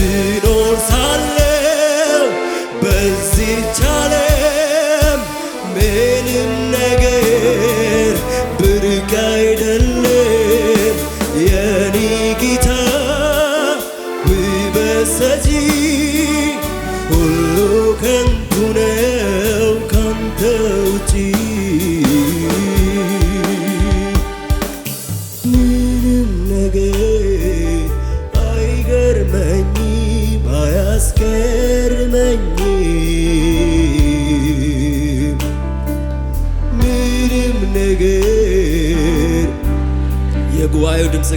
ስኖር ሳለው በዚህ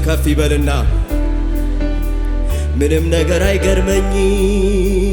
ከፍ ይበልና ምንም ነገር አይገርመኝም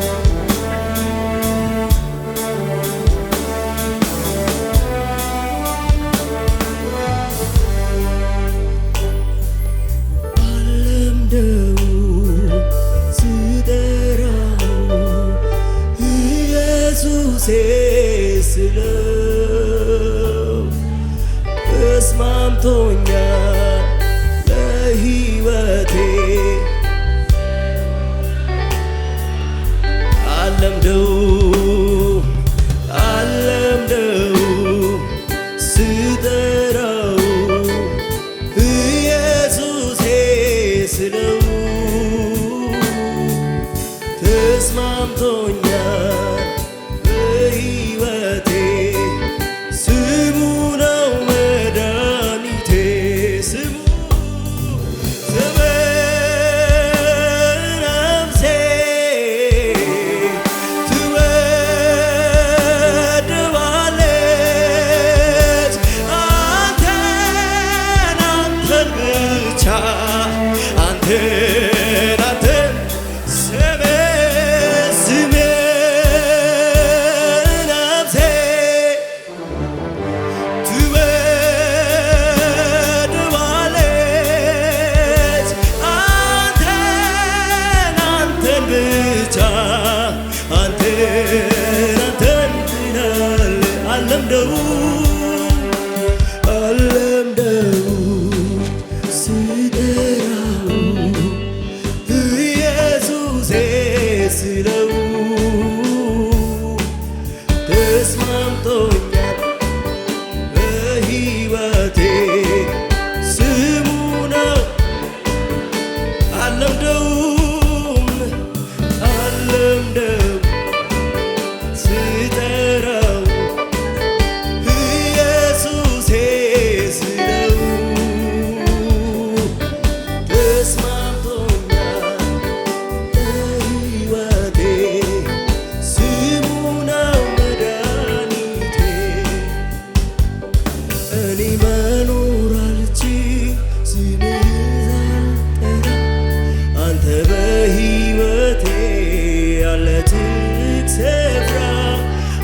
ትልቅ ስፍራ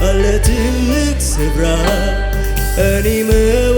አለ ስፍራ እኔ መባ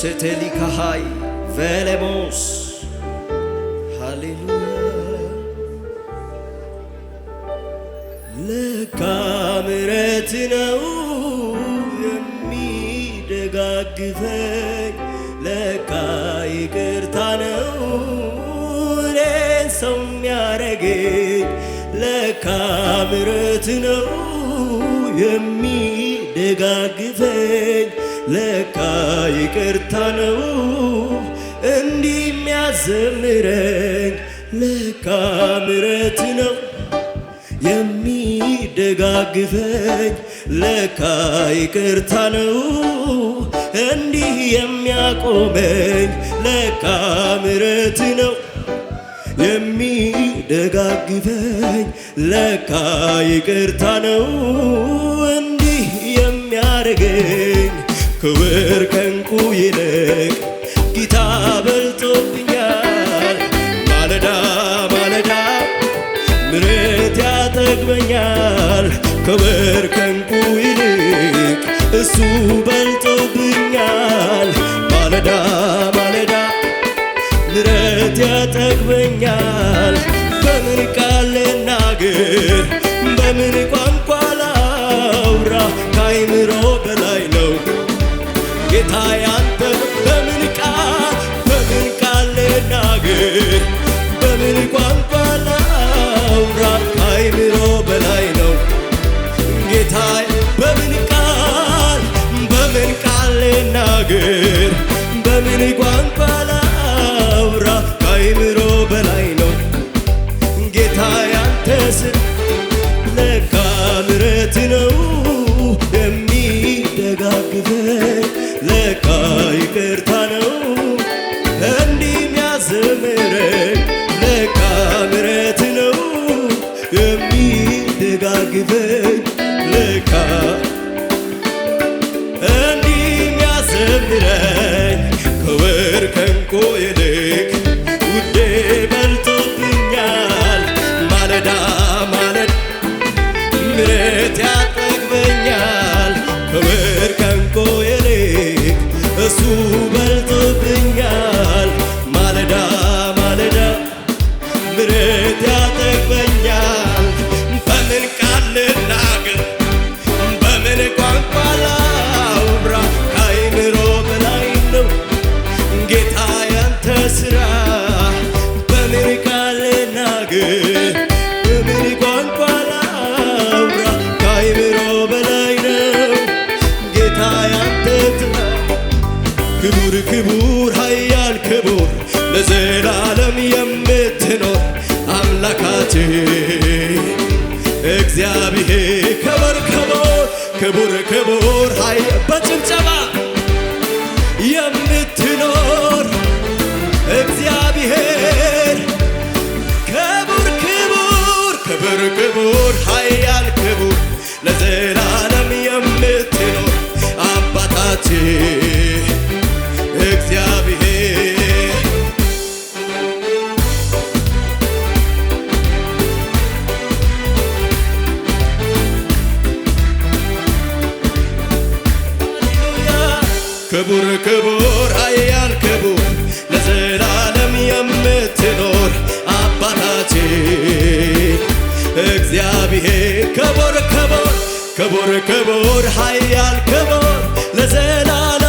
ስቴሊካሃይ ቬሌሞስ ሃሌሉያ ለካ ምሕረት ነው የሚደጋግፈኝ ለካ ይቅርታ ነው እኔን ሰው የሚያረገኝ ለካ ምሕረት ነው የሚደጋግፈኝ ለካ ይቅርታ ነው እንዲህ የሚያዘምረኝ ለካ ምረት ነው የሚደጋግፈኝ ለካ ይቅርታ ነው እንዲህ የሚያቆመኝ ለካ ምረት ነው የሚደጋግፈኝ ለካ ይቅርታ ነው እንዲህ የሚያደርገኝ ክብር ከእንቁ ይልቅ ጌታ በልጦብኛል። ማለዳ ማለዳ ምሬት ያጠግበኛል። ክብር ከእንቁ ይልቅ እሱ በልጦብኛል። ማለዳ ማለዳ ምሕረት ያጠግበኛል። በምን ቃል ልናገር በምን ጌታ ያንተ በምን ቃል በምን ቃል ልናገር በምን ቋንቋ ላውራ ከአእምሮ በላይ ነው ጌታ በምን ቃል በምን ቃል ልናገር በምን ቋንቋ ደጋግበኝ ለካ ለእግዚአብሔር ክብር ክቡር ክቡር ክቡር ኃይል በጭብጨባ የምትኖር እግዚአብሔር ክቡር ክቡር ክቡር ክቡር ኃያል ክቡር ለዘላለም የምትኖር አባታችን ክቡር ክቡር ኃያል ክቡር ለዘላለም የምትኖር አባታችን እግዚአብሔር ክቡር ክቡር ክቡር ክቡር ኃያል ክቡር ለዘላለም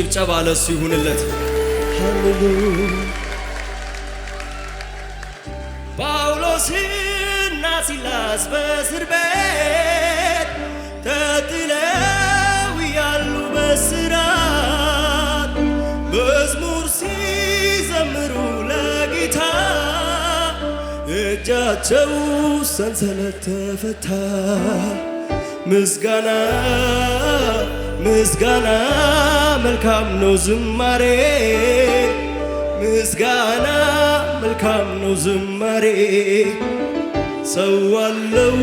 ጭብጨባ ለሱ ይሁንለት። ጳውሎስና ሲላስ በእስር ቤት ተጥለው ያሉ በስራት መዝሙር ሲዘምሩ ለጌታ እጃቸው ሰንሰለት ተፈታ ምስጋና ምስጋና መልካም ነው ዝማሬ ምስጋና መልካም ነው ዝማሬ ሰው አለው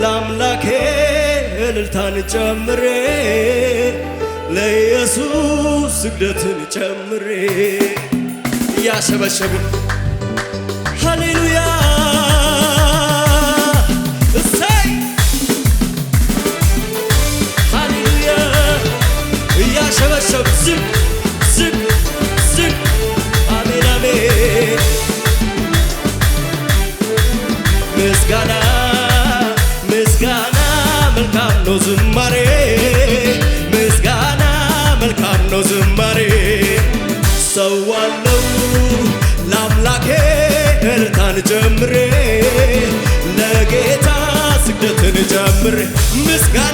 ለአምላኬ እልልታን ጨምሬ ለኢየሱስ ስግደትን ጨምሬ እያሸበሸብን ሃሌሉ እያሸበሸብ ዝም ዝም ዝም አሜን አሜን ምስጋና ምስጋና መልካም ነው ዝማሬ ምስጋና መልካም ነው ዝማሬ አለው ለአምላኬ እልልታን ጀምሬ ለጌታ ስግደትን ጀምሬ ምስጋና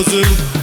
maravilhoso.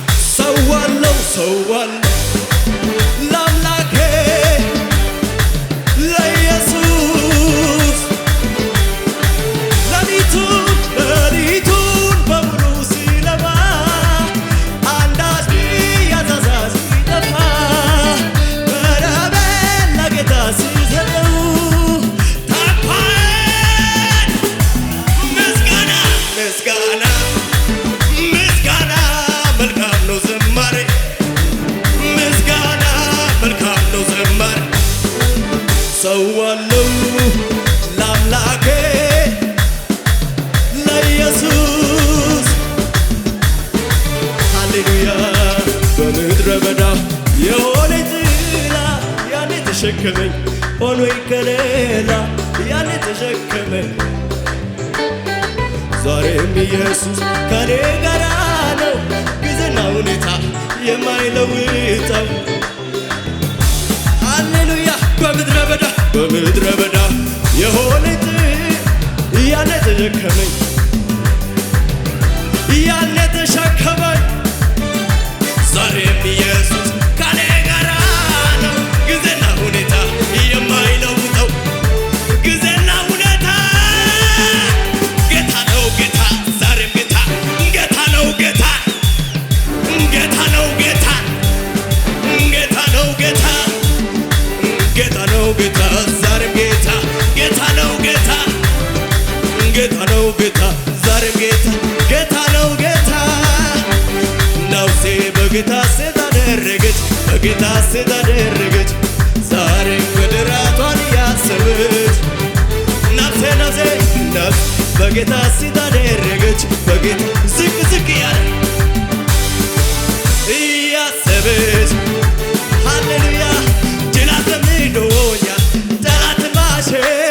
ኢየሱስ ከኔ ጋር ነው ጊዜና ሁኔታ የማይለውጠው። ሃሌሉያ በምድረ በዳ በምድረ በዳ የሆነ እያለ ተሸከመኝ ጌታ ነው ጌታ ዛሬም ጌታ ጌታ ነው ጌታ ነፍሴ በጌታ ሴት አደረገች በጌታ ሴት አደረገች ዛሬም ምድራቷን እያሰበች ነፍሴ ነፍሴ በጌታ ሴት አደረገች በጌታ ዝቅ ዝቅ እያሰበች ሃሌሉያ ድል ጠላት ማሸ